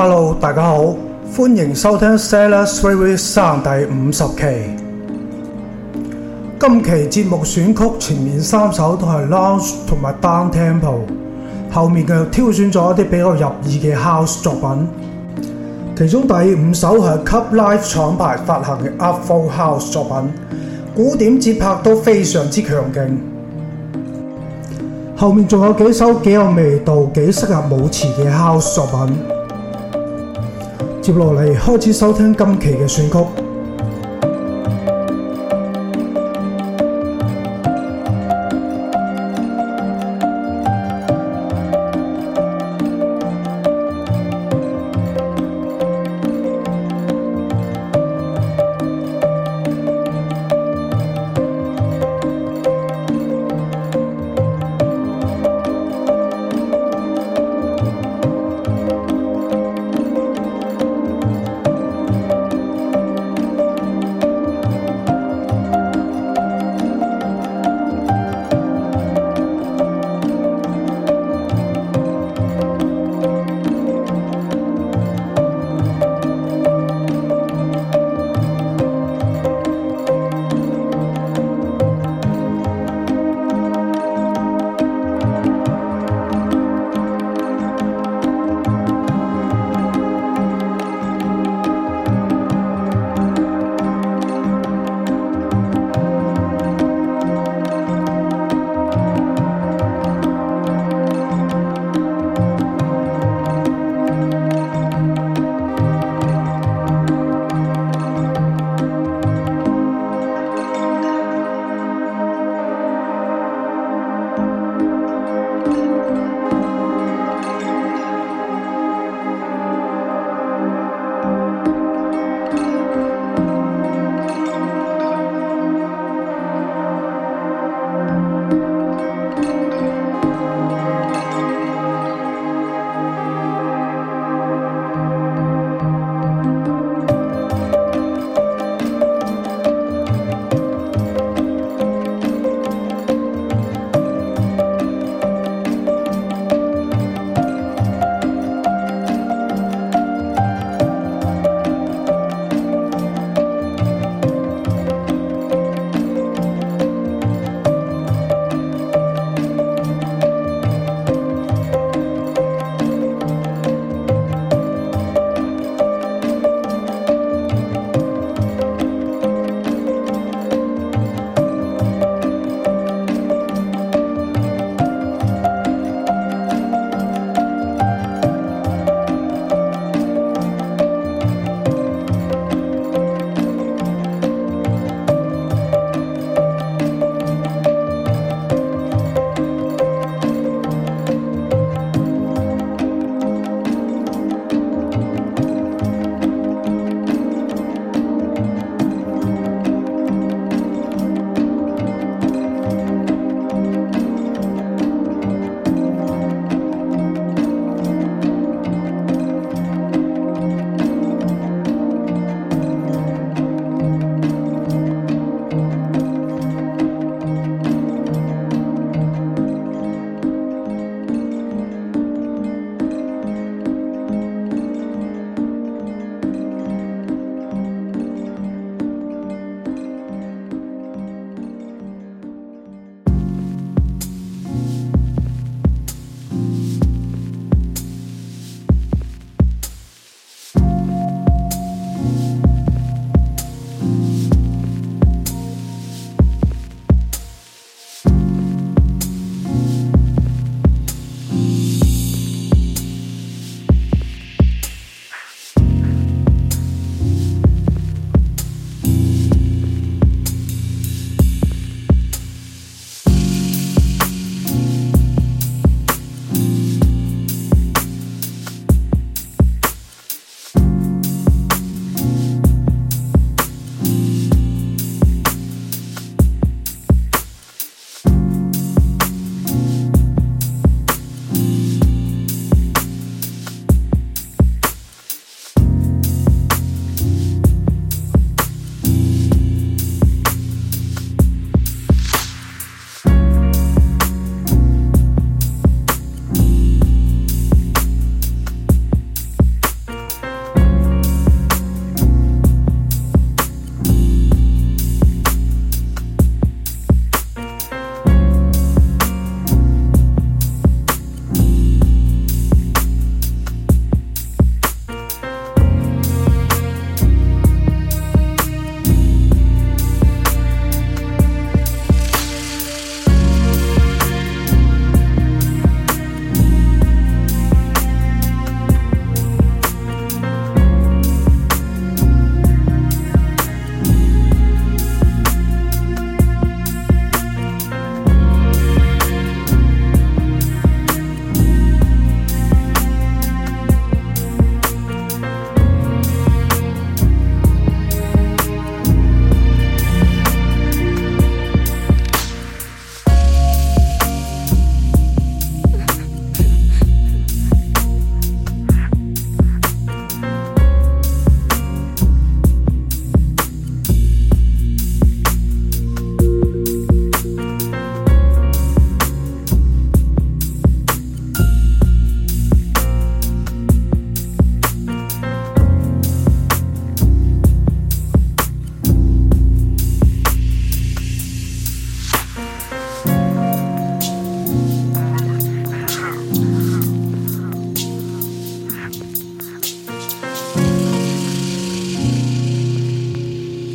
Hello，大家好，歡迎收聽 Sarah Sway with Sun 第五十期。今期節目選曲前面三首都係 Lounge 同埋 Down Tempo，後面嘅又挑選咗一啲比較入耳嘅 House 作品。其中第五首係 Club Life 廠牌發行嘅 Up For House 作品，鼓點節拍都非常之強勁。後面仲有幾首幾有味道、幾適合舞池嘅 House 作品。接落嚟開始收聽今期嘅選曲。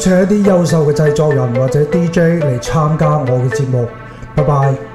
請一啲優秀嘅製作人或者 DJ 嚟參加我嘅節目。拜拜。